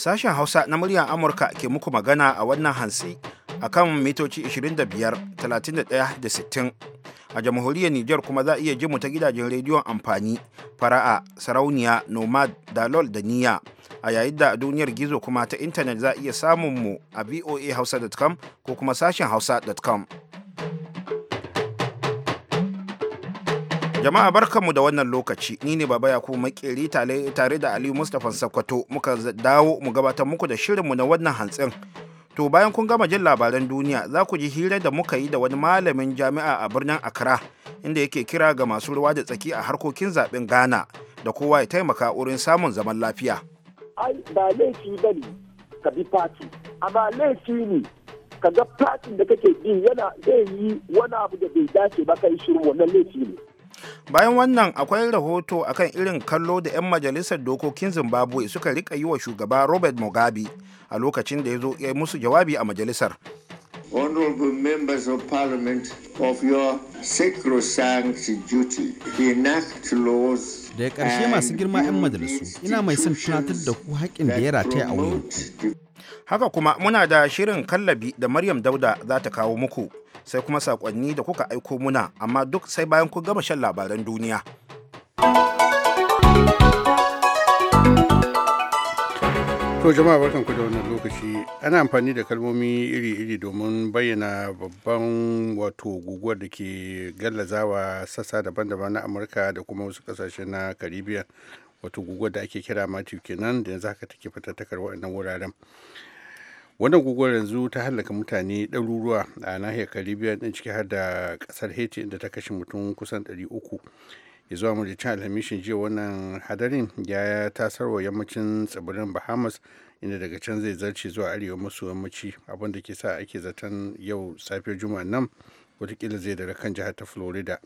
Sashen Hausa na muryar Amurka ke muku magana a wannan hantsi a kan mitoci 25, 31 da 60. A jamhuriyar Nijar kuma za a iya mu ta gidajen rediyon amfani, fara'a, sarauniya, nomad, dalol da niya. A yayin da duniyar gizo kuma ta intanet za a iya samun mu a voahausa.com ko kuma sashen hausa.com. Jama'a barkanmu da wannan lokaci, ni ne Baba Yakubu Makeri tare da Aliyu Mustapha Sakwato muka dawo mu gabatar muku da shirinmu na wannan hantsin. To bayan kun gama jin labaran duniya za ku ji hira da muka yi da wani malamin jami'a a birnin Accra inda yake kira ga masu ruwa da tsaki a harkokin zaben Ghana da kowa ya taimaka wurin samun zaman lafiya. Ai ba laifi ba ne ka bi fati, amma laifi ne ka ga fatin da kake bi yana zai yi wani abu da bai dace ba kai shiru wannan laifi ne. bayan wannan akwai rahoto akan irin kallo da 'yan majalisar dokokin zimbabwe suka rika yi wa shugaba robert mugabe a lokacin da ya zo ya musu jawabi a majalisar Honorable members of parliament of your sacrosanct duty masu girma 'yan majalisu ina mai son tunatar da ku haƙƙin da ya rataya a haka kuma muna da shirin kallabi da maryam dauda za ta kawo muku sai kuma sakonni da kuka aiko muna amma duk sai bayan ku gama shan labaran duniya to jama'a barkan ku da wannan lokaci ana amfani da kalmomi iri-iri domin bayyana babban wato guguwar da ke gallazawa sassa daban-daban na amurka da kuma wasu kasashe na caribbean wato guguwar da ake kira matthew kenan da yanzu haka take fitattakar waɗannan wuraren wannan guguwar yanzu ta hallaka mutane ɗaruruwa a nahiyar caribbean ɗin ciki har da ƙasar haiti inda ta kashe mutum kusan 300 ya zuwa majalisar alhamishin jiya wannan hadarin ya tasarwa yammacin tsibirin bahamas inda daga can zai zarce zuwa arewa maso yammaci abin da ke sa ake zaton yau safiyar juma'a nan watakila zai dare kan jihar ta florida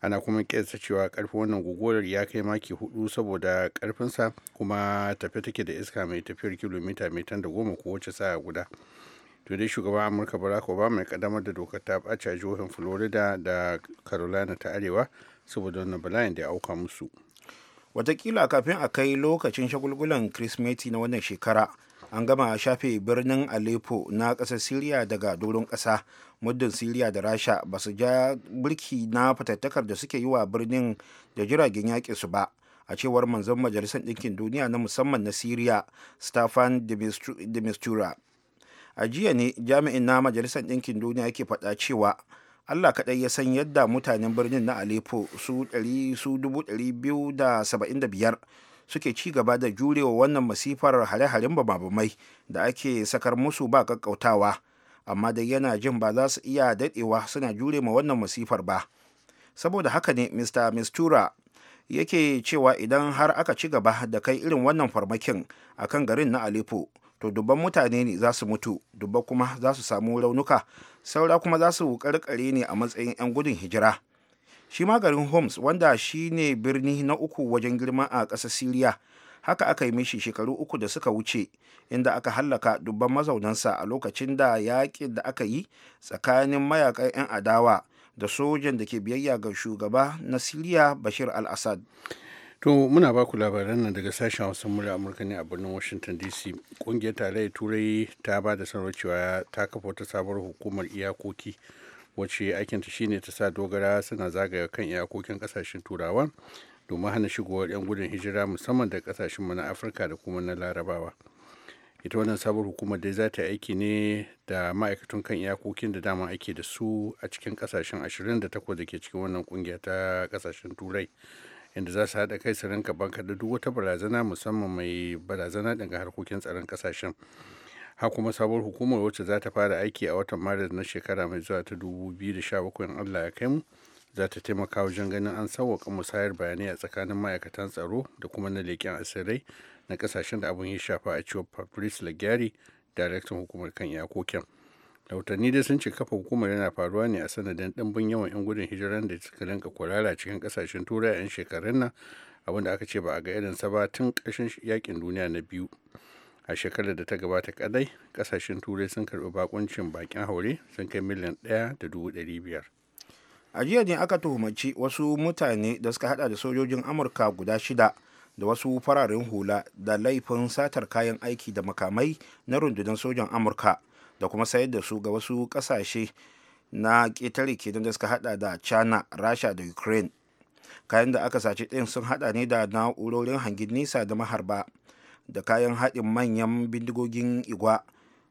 ana kuma kesa cewa karfin wannan guguwar ya kai maki hudu saboda karfinsa kuma tafi take da iska mai tafiyar kilomita mai tan da goma kowace sa'a guda to dai shugaban amurka barack obama ya kaddamar da dokar ta ɓace a jihohin florida da carolina ta arewa saboda wannan bala'in da ya auka musu watakila kafin a kai lokacin shagulgulan kirismeti na wannan shekara an gama shafe birnin aleppo na ƙasar syria daga doron ƙasa muddin siriya da rasha ba su ja mulki na fatattakar da suke yi wa birnin da jiragen yaƙi su ba a cewar manzon majalisar ɗinkin duniya na musamman na siriya stefan de mistura a jiya ne jami'in na majalisar ɗinkin duniya yake faɗa cewa allah kaɗai ya san yadda mutanen birnin na aleppo su 275 suke ci gaba da jurewa wannan masifar hare-haren bamabamai da ake sakar musu ba ƙaƙƙautawa amma dai yana jin ba za su iya daɗewa suna jure ma wannan masifar ba saboda haka ne mr mistura yake cewa idan har aka ci gaba da kai irin wannan farmakin a kan garin na aleppo to dubban mutane ne za su mutu dubban kuma za su samu raunuka saura kuma za su karkare ne a matsayin 'yan gudun hijira shi ma garin homs wanda shi ne birni na uku wajen girma a ƙasar siriya haka aka yi mishi shekaru uku da suka wuce inda aka hallaka dubban mazaunansa a lokacin da yaƙin da aka yi tsakanin mayakan 'yan adawa da sojan da ke biyayya ga shugaba na siriya bashir al-assad to muna ba ku labaran nan daga sashen hausa murya amurka ne a birnin washington dc kungiyar tarayyar turai ta ba da sanarwar cewa ta kafa wata sabuwar hukumar iyakoki wacce aikinta shine ta sa dogara suna zagaya kan iyakokin kasashen turawa domin hana shigowar 'yan gudun hijira musamman da kasashenmu na afirka da kuma na larabawa ita wannan sabuwar hukumar dai za ta aiki ne da ma'aikatan kan iyakokin da dama ake da su a cikin kasashen ashirin da da ke cikin wannan kungiya ta kasashen turai inda za su haɗa kai su rinka banka da duk wata barazana musamman mai barazana daga harkokin tsaron kasashen ha kuma sabuwar hukumar wacce za ta fara aiki a watan maris na shekara mai zuwa ta 2017 allah ya kai mu za ta taimaka wajen ganin an sauwaka musayar bayanai a tsakanin ma'aikatan tsaro da kuma na leƙen asirai na ƙasashen da abin ya shafa a cewar fabrice lagari daraktan hukumar kan iyakokin rahotanni dai sun ce kafa hukumar yana faruwa ne a sanadin ɗimbin yawan 'yan gudun hijiran da suka rinka kurara cikin kasashen turai a 'yan shekarun nan da aka ce ba a ga irin sa ba tun ƙarshen yakin duniya na biyu a shekarar da ta gabata kadai kasashen turai sun karɓi bakuncin bakin haure sun kai miliyan ɗaya da dubu ɗari biyar a jiya ne aka tuhumaci wasu mutane da suka hada da sojojin amurka guda shida da wasu fararen hula da laifin satar kayan aiki da makamai na rundunar sojan amurka da kuma sayar da su ga wasu kasashe na ketare kenan da suka hada da china rasha da ukraine kayan da aka sace din sun hada ne da na'urorin hangin nisa da maharba da kayan haɗin manyan bindigogin igwa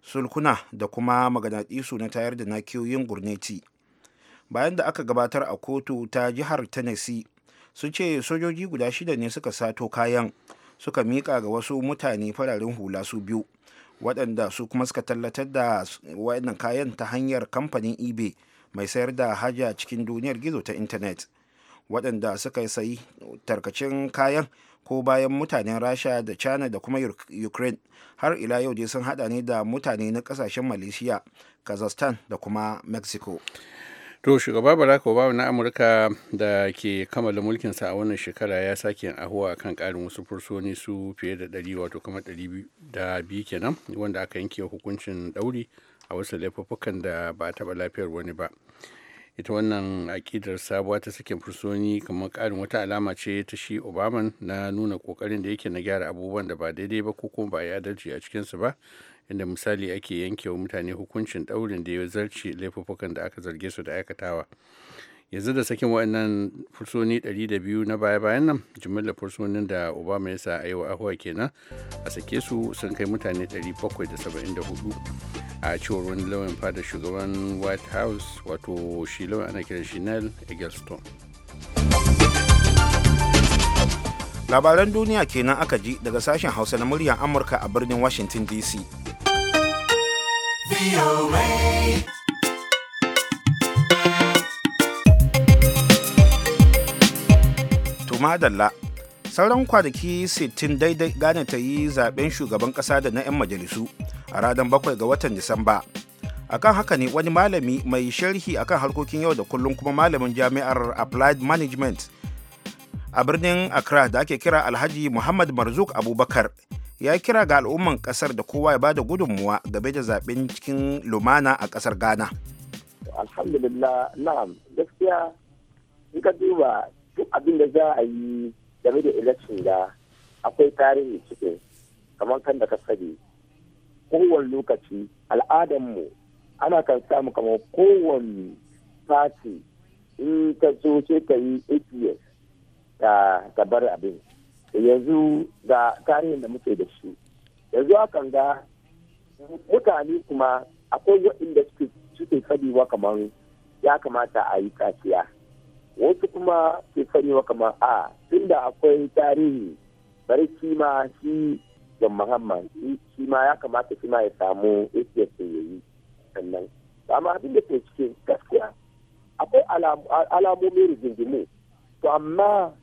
sulkuna da kuma maganaɗisu na tayar da nakiyoyin gurneti bayan da aka gabatar a kotu ta jihar tennessee sun ce sojoji guda shida ne suka sato kayan suka mika ga wasu mutane fararen hula su biyu waɗanda su kuma suka tallatar da waɗannan kayan ta hanyar kamfanin ebay mai sayar da haja cikin duniyar gizo ta intanet waɗanda suka sayi tarkacin kayan ko bayan mutanen rasha da china da kuma ukraine har ila yau dai sun hada ne da mutane na kasashen malaysia kazakhstan da kuma mexico to shugaba barack obama na amurka da ke kammala mulkinsa a wannan shekara ya sake ahuwa kan karin wasu fursoni su fiye da ɗari wato kuma ɗari da biyu kenan wanda aka yanke hukuncin ɗauri a wasu laifuffukan da ba taɓa lafiyar wani ba ita wannan aƙidar sabuwa ta sakin fursoni kamar ƙarin wata alama ce ta shi obama na nuna ƙoƙarin da yake na gyara abubuwan da ba daidai ba ko kuma ba ya adalci a cikinsu ba inda misali ake yanke wa mutane hukuncin ɗaurin da ya zarce laifuffukan da aka zarge su da aikatawa yanzu da sakin waɗannan fursoni 200 na baya-bayan nan jimilla fursonin da obama ya sa a yau ahuwa kenan a sake su sun kai mutane 774 a cewar wani lauyan fada shugaban white house wato shi lauyan ana kiran chanel eggleston labaran duniya kenan aka ji daga sashen hausa na muryar amurka a birnin washington dc madalla sauran kwanaki 60 daidai gane ta yi zaben shugaban ƙasa da na 'yan majalisu a ranar bakwai ga watan disamba akan haka ne wani malami mai sharhi akan harkokin yau da kullum kuma malamin jami'ar applied management a birnin accra da ake kira alhaji muhammad marzuk abubakar ya kira ga al'umman kasar da kowa ya bada gudunmuwa game da zaben cikin lumana a kasar ghana alhamdulillah na'am gaskiya in ka duba duk abin da za a yi game da election da akwai tarihi cikin kamar kan da ka sani kowane lokaci al'adanmu ana kan samu kamar kowane party in ka zo sai ka yi 8 years ta bar abin yanzu ga tarihin da muke da su yanzu akan ga mutane kuma akwai waɗanda suke wa kamar ya kamata a yi kaciya wasu kuma ke wa kamar a tunda akwai tarihi bari shi ma shi da muhammad shi ma ya kamata shi ma ya samu ya yi sannan amma abin da ke cikin gaskiya akwai alamomin rigingimu to amma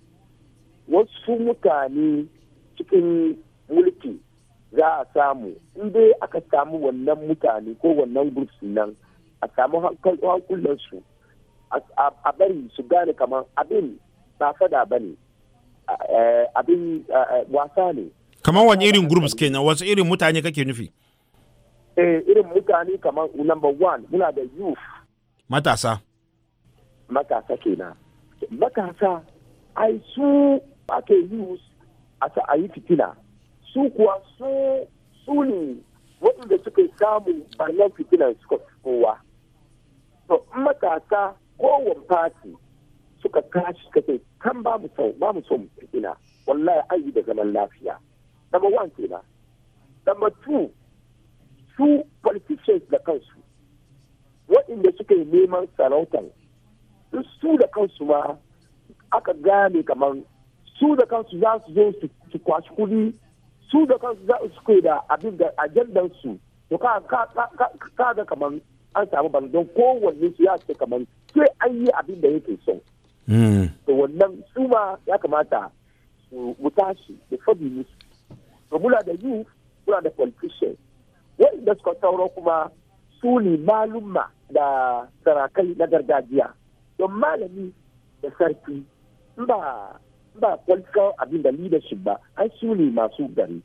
wasu mutane cikin mulki za a samu in dai aka samu wannan mutane ko wannan groups nan a samu hankulansu a bari su gane kamar abin ba fada ba ne abin wasa ne kamar wani irin groups nan wasu irin mutane kake nufi eh irin mutane kamar number one muna da youth matasa matasa kenan matasa ai su ake yi a yi fitina su kuwa su ne waɗanda suka samu barnar fitina suka fi kowa to matasa kowar fati suka tashi suka ce kan ba mu son ba mu son fitina wallahi ayi da zaman lafiya number one kenan number two su politicians da kansu waɗanda suka yi neman sarautar su da kansu ma aka gane kamar su da kansu za su zo su kwashi kudi su da kansu za su kai da abin da ajandar su to ka ga kamar an samu bandon kowanne su ya ce kamar sai an yi abin da yake so hmm. to wannan su ma ya kamata su wuta shi da fabi musu to muna da yi muna da politician wanda suka tauro kuma su ne malumma da sarakai na gargajiya don malami da sarki ba ba political abin da leadership ba an su ne masu gari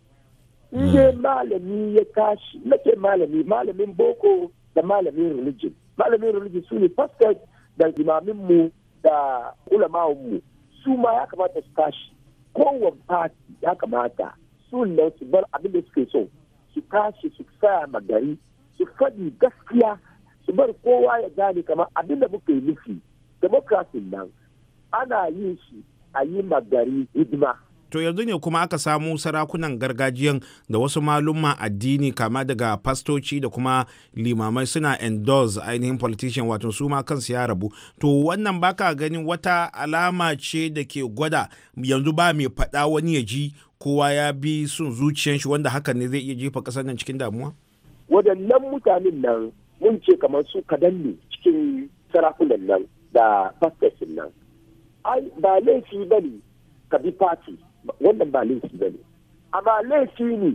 ne mm. malami ya tashi nake malami malamin boko da malamin religion malamin religion su ne pastors da imamin mu da ulama'un mu su ma ya kamata su tashi kowane party ya kamata su ne su bar abin da suke so su tashi su tsaya gari su faɗi gaskiya su bar kowa ya gane kamar abin da muka yi nufi democracy nan ana yin shi a yi magari hidima. To yanzu ne kuma aka samu sarakunan gargajiyan da wasu malumma addini kama daga fastoci da kuma limamai suna endorse ainihin politician wato su ma kansu ya rabu. To wannan baka ganin wata alama ce da ke gwada yanzu ba mai faɗa wani ya ji kowa ya bi sun zuciyan shi wanda hakan ne zai iya jefa ƙasar nan cikin damuwa? Wadannan mutanen nan mun ce kamar su kadan ne cikin sarakunan nan da fastosin nan. ai ba laifi ba ne ka bi fati wannan ba laifi ba ne amma laifi ne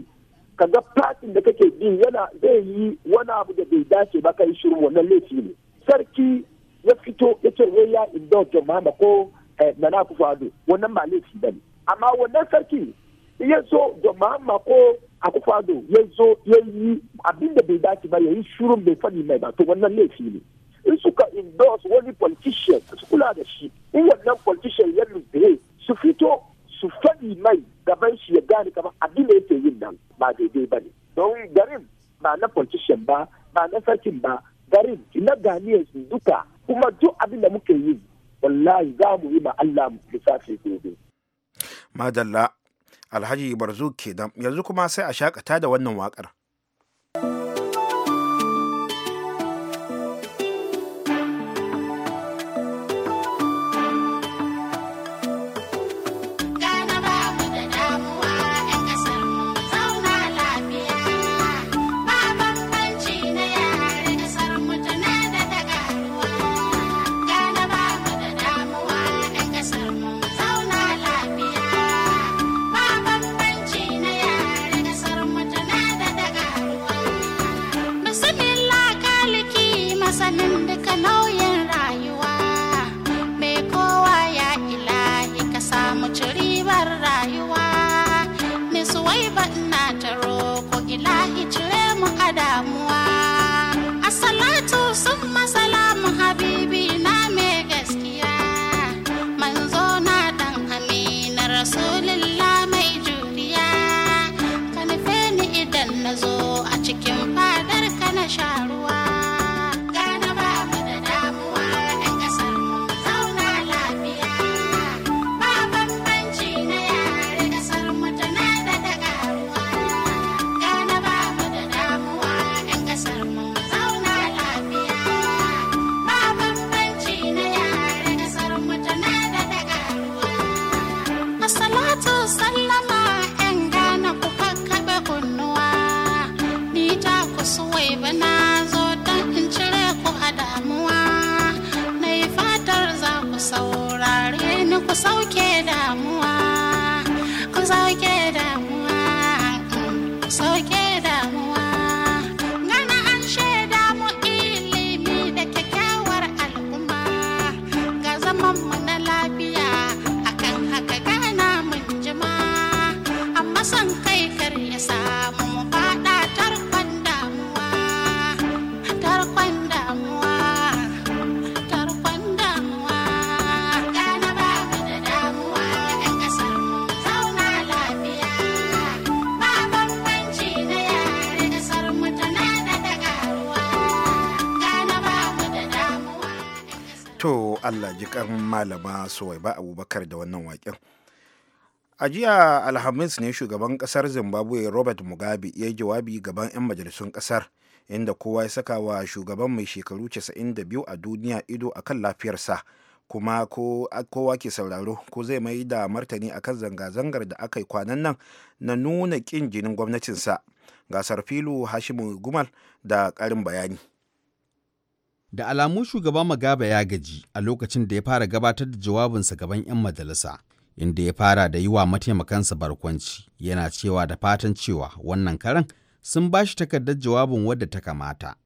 ka ga fatin da kake bi yana zai yi wani abu da bai dace ba ka yi shiru wannan laifi ne sarki ya fito ya ce wai ya indulge mahama ko eh, nana kufu ado wannan ba laifi ba ne amma wannan sarki ya zo da mahama ko a kufu ado ya zo ya yi abin da bai dace ba ya yi shirin bai faɗi mai ba to wannan laifi ne in suka endorse wani politician su kula da shi in wannan politician ya lubbe su fito su faɗi mai gaban shi ya gane kama abin da yake yin nan ba daidai ba ne don garin ba na politician ba ba na sarkin ba garin na ganiyar su duka kuma duk abin da muke yi wallahi za mu yi ma Allah mu lissafi gobe. Madalla Alhaji Barzu kenan yanzu kuma sai a shakata da wannan waƙar. ku sauke damuwa ku sauke damuwa ku sauke Allah ji kan malama Suwaiba Abubakar da wannan waƙin A jiya Alhamis ne shugaban ƙasar Zimbabwe Robert Mugabe ya yi jawabi gaban 'yan majalisun ƙasar inda kowa ya saka wa shugaban mai shekaru 92 a duniya ido a kan lafiyarsa kuma kowa ke sauraro ko zai mai da martani akan zanga-zangar da aka yi kwanan nan na nuna ƙin jinin gwamnatinsa. Gasar filu Hashimu Gumal da ƙarin bayani. Da alamun shugaba magaba ya gaji a lokacin da ya fara gabatar da jawabinsa gaban 'yan majalisa, inda ya fara da yi wa mataimakansa barkwanci, yana cewa da fatan cewa wannan karan sun ba shi takardar jawabin wadda ta kamata.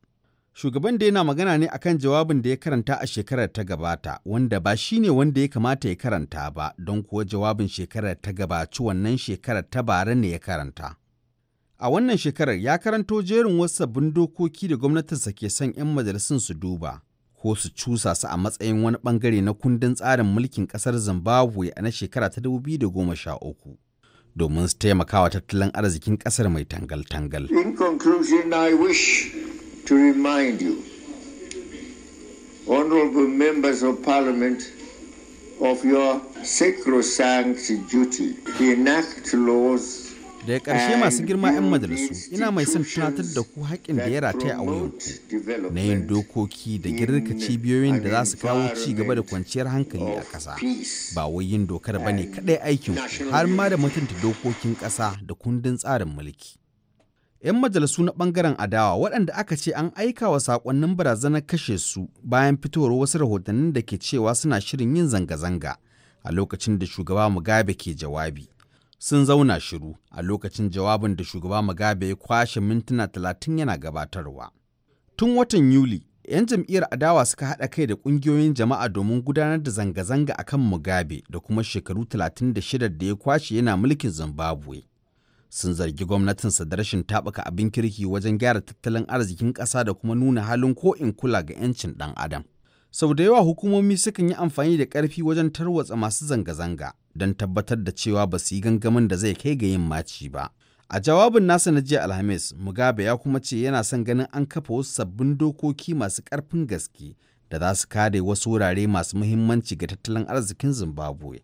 Shugaban da yana magana ne akan jawabin da ya karanta a shekarar ta gabata, wanda ba shi ne wanda ya kamata ya karanta ba, don kuwa jawabin shekarar ta gabaci wannan shekarar ta bara ne ya karanta. A wannan shekarar ya karanto jerin wasu sabbin dokoki da gwamnatinsa ke son 'yan majalisun su duba ko su cusa su a matsayin wani bangare na kundin tsarin mulkin kasar Zimbabwe a na shekara ta 2013. domin su taimaka wa tattalin arzikin kasar mai tangal-tangal. In conclusion, I remind you, members of of your sacrosanct duty to enact laws daga ƙarshe masu girma 'yan majalisu ina mai son tunatar da ku haƙƙin da ya rataya a wuyanku na yin dokoki da girka cibiyoyin da za su kawo ci gaba da kwanciyar hankali a ƙasa ba wai yin dokar ba ne kaɗai aikin ku har ma da mutunta dokokin ƙasa da kundin tsarin mulki 'yan majalisu na ɓangaren adawa waɗanda aka ce an aika wa saƙonnin barazanar kashe su bayan fitowar wasu rahotannin da ke cewa suna shirin yin zanga-zanga a lokacin da shugaba mugabe ke jawabi sun zauna shiru a lokacin jawabin da shugaba Mugabe ya kwashe mintuna talatin yana gabatarwa. Tun watan Yuli, 'yan jam'iyyar adawa suka haɗa kai da ƙungiyoyin jama'a domin gudanar da zanga-zanga a kan Mugabe da kuma shekaru talatin da da ya kwashe yana mulkin Zimbabwe. Sun zargi gwamnatinsa da rashin taɓaka abin kirki wajen gyara tattalin arzikin ƙasa da kuma nuna halin ko in kula ga 'yancin ɗan adam. Sau da yawa hukumomi sukan yi amfani da ƙarfi wajen tarwatsa masu zanga-zanga don tabbatar da cewa ba su yi gangamin da zai kai ga yin maci ba. A jawabin nasa na jiya Alhamis, Mugabe ya kuma ce yana son ganin an kafa wasu sabbin dokoki masu ƙarfin gaske da za su kare wasu wurare masu muhimmanci ga tattalin arzikin Zimbabwe,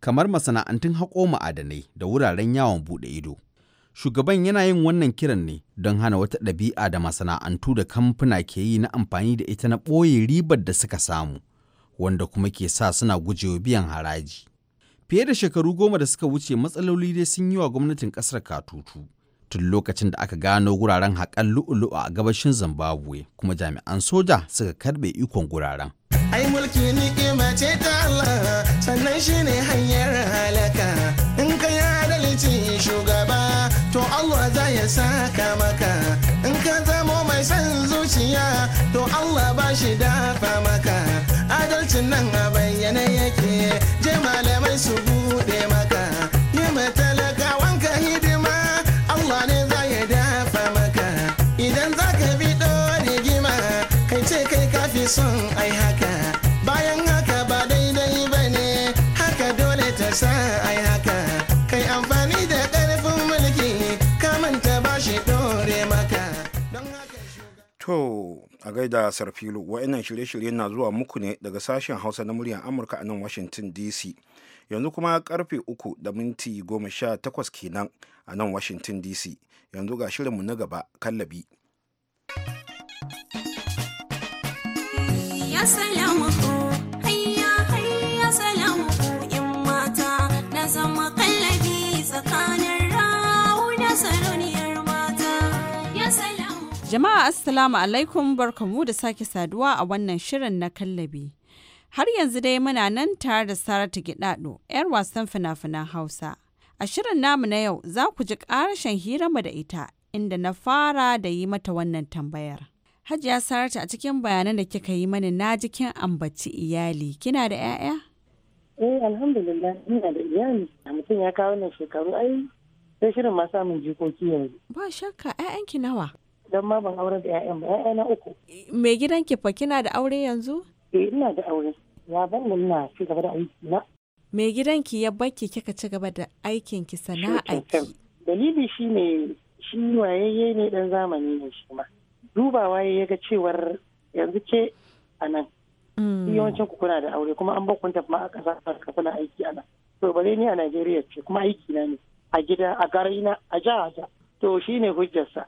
kamar masana'antun haƙo ma'adanai da wuraren yawon buɗe ido. Shugaban yana yin wannan kiran ne don hana wata ɗabi'a da masana'antu da kamfuna ke yi na amfani da ita na ɓoye ribar da suka samu, wanda kuma ke sa suna gujewa biyan haraji. Fiye da shekaru goma da suka wuce matsaloli dai sun yi wa gwamnatin ƙasar katutu. Tun lokacin da aka gano guraren haƙan lu'ulu'u a gabashin Zimbabwe kuma jami'an soja suka karɓe ikon guraren. Ai mulki ni ce ta Allah sannan shi ne hanyar halaka. ya saka maka in ka zamo mai son zuciya to Allah ba shi dafa maka adalcin nan a bayyane yake je malamai su bude maka yi matalaka wanka hidima Allah ne za ya dafa maka idan za ka bi gima kai ce kai kafi son ai a gaida sarfilu wa'annan shirye-shirye na zuwa muku ne daga sashen hausa na muryar amurka a nan washington dc yanzu kuma karfe uku da minti goma sha takwas kenan a nan washington dc yanzu ga shirinmu na gaba kallabi ya salamu Jama'a Assalamu alaikum barkamu da sake saduwa a wannan shirin na kallabi. Har yanzu dai muna nan tare da Saratu Gidado, 'yar wasan fina-finan Hausa. A shirin namu na yau za ku ji ƙarashin mu da ita inda na fara da yi mata wannan tambayar. Hajiya Saratu a cikin bayanan da kika yi mani na jikin ambaci iyali. Kina da 'ya'ya? Eh alhamdulillah ina da iyali. Mutum ya kawo ne shekaru ai sai shirin ma samun jikoki yanzu. Ba shakka 'ya'yanki nawa? don ma ban aure da 'ya'yan ba 'ya'ya na uku. Me gidan ki fa kina da aure yanzu? Eh ina da aure. Ya ban da ina ci gaba da aiki na. Me gidan ki ya baki kika ci gaba da aikin ki sana'a ki? Dalili shi ne shi wayayye ne dan zamani ne shi ma. Dubawa ya ga cewar yanzu ke a nan. Mm. Yawancin ku kuna da aure kuma an bakunta ma a ƙasa kuna aiki a nan. To bare ni a Najeriya ce kuma aiki na ne. A gida a garina a jiha to shine hujjarsa.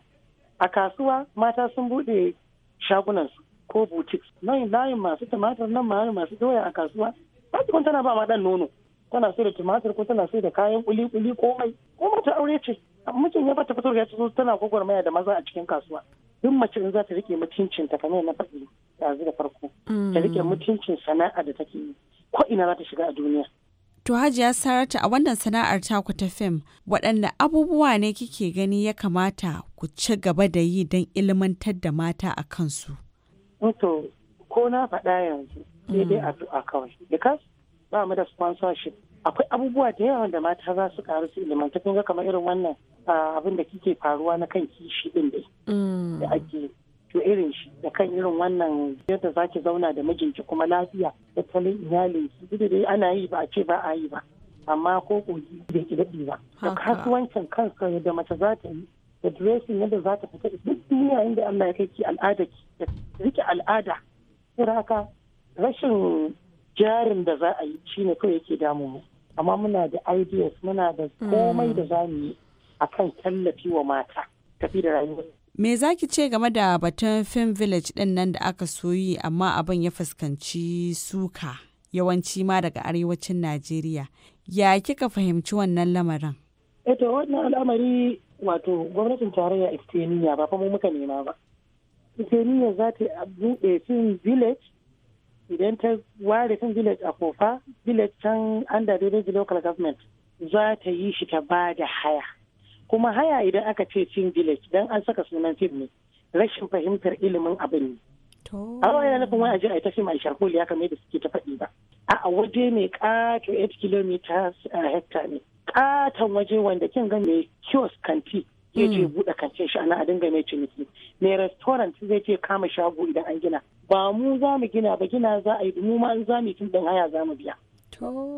a kasuwa mata sun buɗe shagunansu ko boutiques nan layin masu tumatir nan layin masu doya a kasuwa ba kun tana ba ma dan nono tana sai da tumatir ko tana sai da kayan kuli kuli ko mai ko mata aure ce mijin ya bata fitar ya zo tana gwagwarmaya da maza a cikin kasuwa duk mace in za ta rike mutuncin ta kamar na faɗi yanzu da farko ta rike mm. mutuncin sana'a da take yi ko ina za ta shiga a duniya To Hajiya Saratu a wannan sana'ar taku ta fim waɗanne abubuwa ne kike gani ya kamata ku ci gaba da yi don ilmantar da mata a kansu? To, ko na faɗa yanzu sai dai mm. addu'a kawai. Because ba mu da sponsorship. Akwai abubuwa da yawa da mata za su karu su ilmantar kun ga kamar irin wannan ah, abin da kike faruwa na kan kishi ɗin mm. Da ake to irin shi da kan irin wannan yadda za ki zauna da mijinki kuma lafiya tattalin iyalin ki duk da ana yi ba a ce ba a yi ba amma ko kogi bai ki daɗi ba da kasuwancin kansa da mace za ta yi da dressing yadda za ta fita duk duniya inda Allah ya kai ki al'ada ki da rike al'ada haka rashin jarin da za a yi shine kawai yake damu mu amma muna da ideas muna da hmm. komai da za mu yi akan tallafi wa mata tafi da rayuwa Me za ki ce game da batun Film Village ɗin nan da aka soyi amma abin ya fuskanci suka yawanci ma daga arewacin Najeriya. Ya kika fahimci wannan lamarin? Eto eh wannan al'amari wato gwamnatin tarayya Isteniya ba fa mu muka nema ba. Isteniya za ta buɗe Film Village idan ta ware Film Village a Kofa, Village can under the local government za ta yi shi ta ba da haya. kuma haya idan aka ce cin village dan an saka sunan fim ne rashin fahimtar ilimin abin ne wani yana nufin wani a ta fim a ya kamar da suke ta faɗi ba a waje mai ƙato 8 km hekta ne ƙaton waje wanda kin ga mai kiosk kanti ya je mm. buɗe kantin shi ana a dinga mai ciniki mai restaurant zai ce kama shago idan an gina ba mu za mu gina ba gina za a yi mu ma an za mu tun haya za mu biya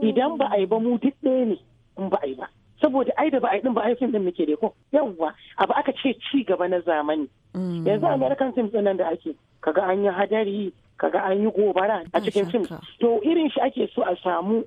idan ba a yi ba mu duk ɗaya ne in ba a yi ba saboda ai da ba a din ba ai fim din muke da ko yawwa abu aka ce ci gaba na zamani mm. yanzu american films din nan da ake kaga an yi hadari kaga an yi gobara a cikin film to irin shi ake so a samu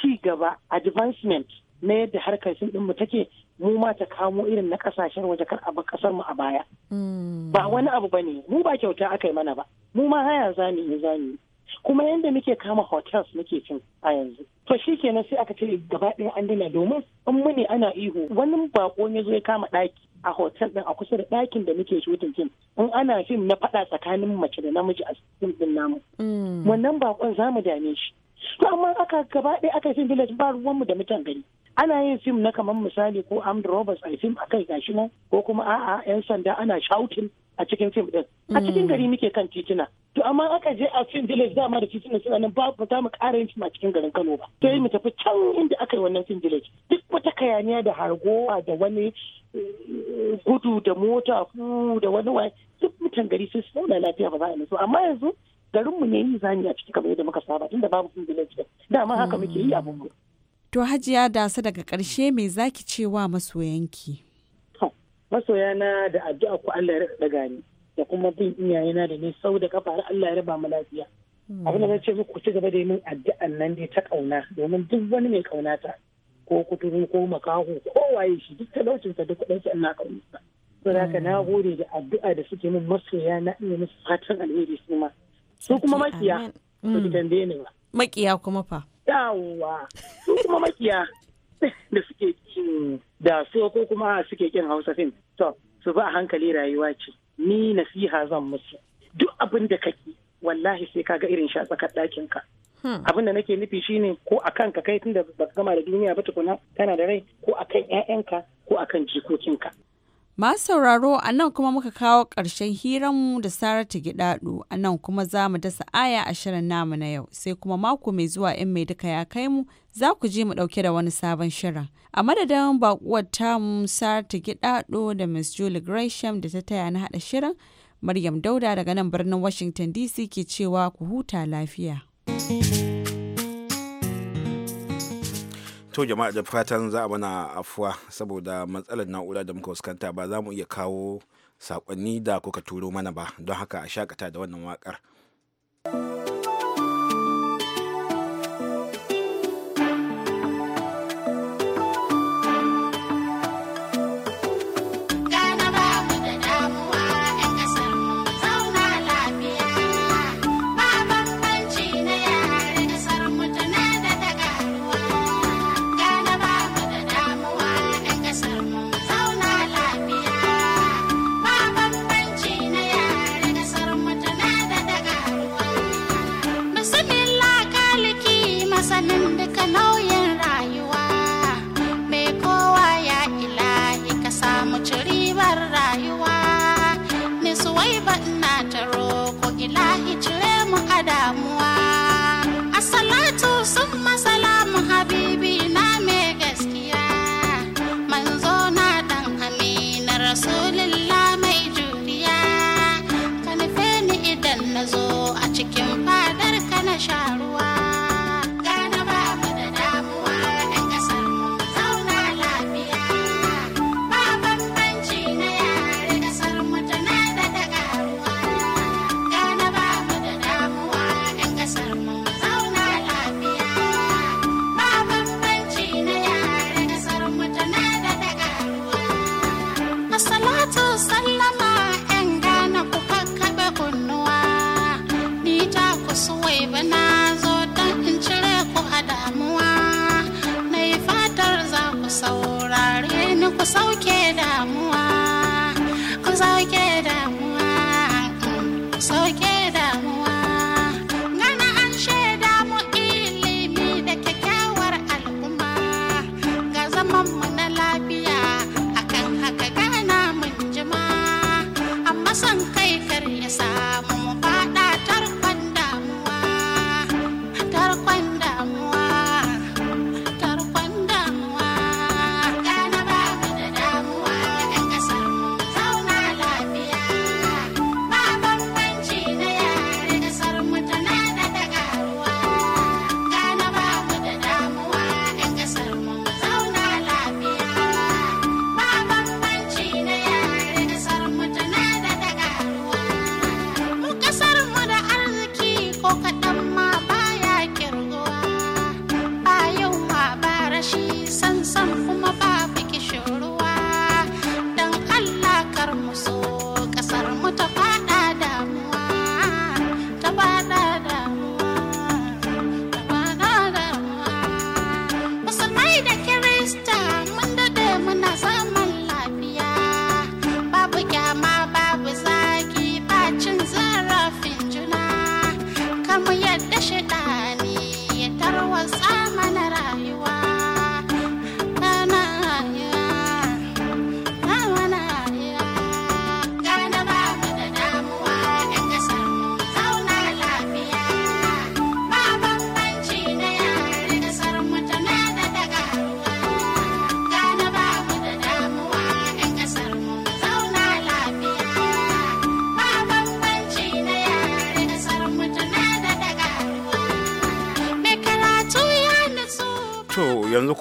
ci gaba advancement na yadda harkar fim din mu take mu ma ta kamo irin na kasashen waje kar a kasar mu a baya mm. ba wani abu bane mu ba kyauta aka yi mana ba mu ma haya zani ne zani kuma yadda muke kama hotels muke cin a yanzu to shi kenan sai aka ce gaba ɗaya an dina domin in muni ana ihu wani bako ne ya kama ɗaki a hotel ɗin a kusa da ɗakin da muke shooting fim in ana fim na faɗa tsakanin mace da namiji a fim ɗin namu mm. wannan bakon za mu dame shi to amma aka gaba ɗaya aka fim village ba ruwanmu da mutan gari ana yin fim na kamar misali ko armed robbers a fim kai gashi nan ko kuma a'a yan sanda ana shouting a cikin fim din a cikin mm. gari muke kan tituna to amma aka je a fim village dama da titina suna nan ba ta mu ƙara yin a cikin garin Kano ba sai mu tafi can inda aka yi wannan fim village duk wata kayaniya da hargowa da wani eh, gudu da mota da wani waye duk mutan gari sun su lafiya ba za a amma yanzu garin mu ne yi zani a ciki kamar yadda muka saba tunda babu fim village dama haka muke yi abun mm. to hajiya da dasa daga karshe me zaki cewa masoyanki masoya na da addu'a ku Allah ya daga ni da kuma bin iyayena da ni sau da kafa Allah ya raba mu lafiya hmm. abin da zan ce muku ci gaba da yin addu'an nan dai ta kauna domin duk wani mai kauna ta ko kuturu ko makaho ko waye shi duk talaucinsa duk kuɗinsa ina kaunarsa saboda haka na hmm. gode da addu'a da suke min masoya na ina musu fatan alheri su ma su kuma makiya su hmm. tambaye ni ba makiya kuma fa yawwa su kuma makiya da suke kin da su ko kuma suke kin hausa fim to su ba hankali rayuwa ce ni nasiha zan musu duk abin da kake wallahi sai ka ga irin shi a tsakar ɗakin ka hmm. abin da nake nufi shine ko akan ka kai tunda baka gama da duniya ba tukuna kana da rai ko akan ƴaƴanka ko akan jikokin ka Masu sauraro a nan kuma muka kawo ƙarshen hiranmu da Saratu Gidaɗu a nan kuma za mu dasa aya a shirin namu na yau sai kuma mako mai zuwa in mai duka ya kai mu za ku ji mu ɗauke da wani sabon shirin. A madadin baƙuwar tamu Saratu Gidaɗu da Miss Julie Gresham da ta taya na haɗa shirin, Maryam Dauda daga nan birnin Washington DC ke cewa ku huta lafiya. to jama'a da fatan za a mana afuwa saboda matsalar na'ura da muka fuskanta ba za mu iya kawo saƙonni da kuka turo mana ba don haka a shakata da wannan waƙar.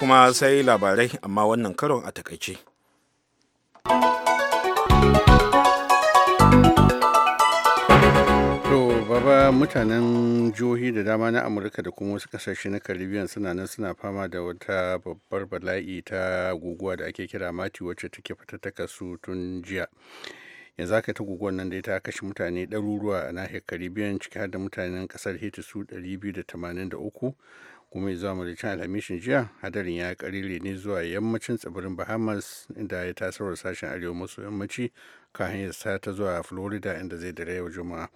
kuma sai labarai amma wannan karon a takaice. baba mutanen jihohi da dama na amurka da kuma wasu kasashe na caribbean suna nan suna fama da wata babbar bala'i ta guguwa da ake kira mati wacce take ta kasu tun jiya yanzu haka ta guguwar nan dai ta kashe mutane ɗaruruwa a nahiyar caribbean ciki har da mutanen kasar haiti su 283 kuma ya zuwa rikin alhamishin jiya hadarin ya karile ne zuwa yammacin tsibirin bahamas inda ya tasarwar sashen arewa maso yammaci kan hanyar ta zuwa florida inda zai dare yau juma'a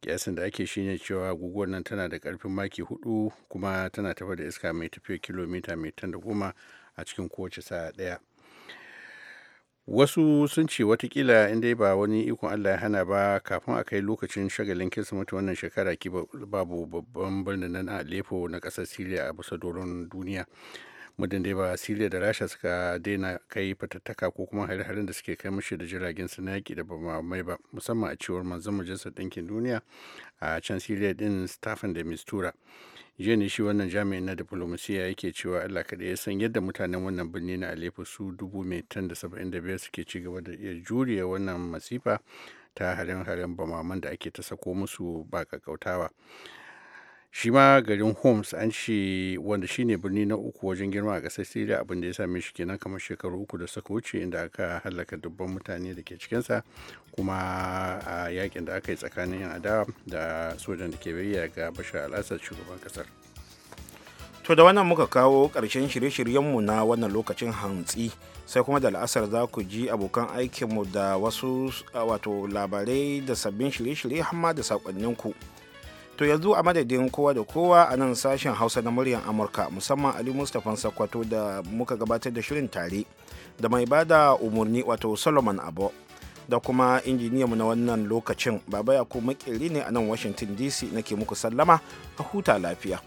kiyasin da ake shine cewa guguwar nan tana da karfin maki hudu kuma tana tafa da iska mai tafiya kilomita mai tan da goma a cikin kowace sa'a daya wasu sun ce watakila inda ba wani ikon allah ya hana ba kafin a kai lokacin shagalin mutu wannan shekara ki babu babban birnin nan a aleppo na kasar siriya a bisa doron duniya muddin dai ba siriya da rasha suka daina kai fatattaka ko kuma hari-harin da suke kai mashi da jiragen su na yaki da ba mai ba musamman a cewar manzon majalisar ɗinkin duniya a can syria din stafan da mistura jiya ne shi wannan jami'in na diplomasiya yake cewa allah kaɗai ya san yadda mutanen wannan birni na aleppo su dubu mai da saba'in da biyar suke ci gaba da iya juriya wannan masifa ta haren-haren bamaman da ake ta sako musu ba ƙaƙƙautawa shi ma garin homs an ce wanda shine birni na uku wajen girma a ƙasar syria abin da ya same shi kenan kamar shekaru uku da suka wuce inda aka halaka dubban mutane da ke cikinsa kuma a yakin da aka yi tsakanin yan adawa da sojan da ke bayyana ga bashar al shugaban kasar. to da wannan muka kawo ƙarshen shirye-shiryenmu na wannan lokacin hantsi sai kuma da la'asar za ku ji abokan aikinmu da wasu wato labarai da sabbin shirye-shirye hamma da saƙonninku. ku to yanzu a madadin kowa da kowa a nan sashen hausa na muryar amurka musamman ali mustapha sakwato da muka gabatar da shirin tare da mai bada umarni wato solomon abo da kuma injiniyanmu na wannan lokacin baba ya ku makeri ne a nan washington dc nake muku sallama a huta lafiya.